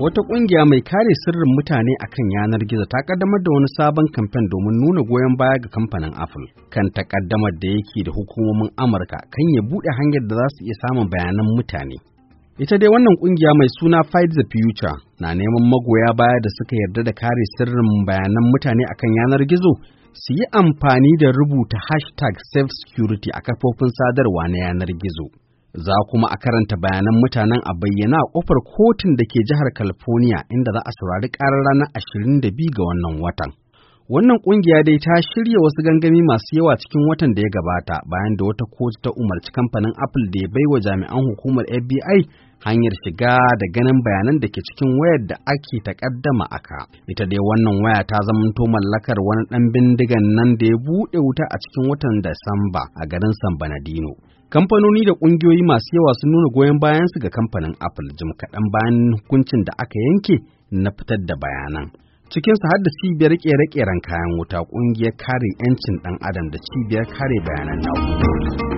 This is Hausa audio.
Wata ƙungiya mai kare sirrin mutane a kan yanar gizo ta ƙaddamar da wani sabon kamfen domin nuna goyon baya ga kamfanin Apple kan takaddamar da yake da hukumomin Amurka kan ya buɗe hanyar da za su iya samun bayanan mutane. Ita dai wannan ƙungiya mai suna Fight the Future na neman magoya baya da suka yarda da kare sirrin bayanan mutane akan yanar gizo su yi amfani da rubuta hashtag Safe Security a kafofin sadarwa na yanar gizo. za kuma a karanta bayanan mutanen a bayyana a kofar kotun da ke jihar California inda za a saurari karar ranar 22 ga wannan watan. Wannan ƙungiya dai ta shirya wasu gangami masu yawa cikin watan da ya gabata bayan da wata kotu ta umarci kamfanin Apple da ya bai wa jami'an hukumar FBI hanyar shiga da ganin bayanan da ke cikin wayar da ake takaddama aka. Ita dai wannan waya ta zamanto mallakar wani ɗan bindigan nan da ya buɗe wuta a cikin watan Disamba a garin San Bernardino. Kamfanoni da ƙungiyoyi masu yawa sun nuna goyon bayansu ga kamfanin Apple jim kaɗan bayan hukuncin da aka yanke na fitar da bayanan. su har da cibiyar kere-keren kayan wuta ƙungiyar kare 'yancin ɗan adam da cibiyar kare bayanan na'urori.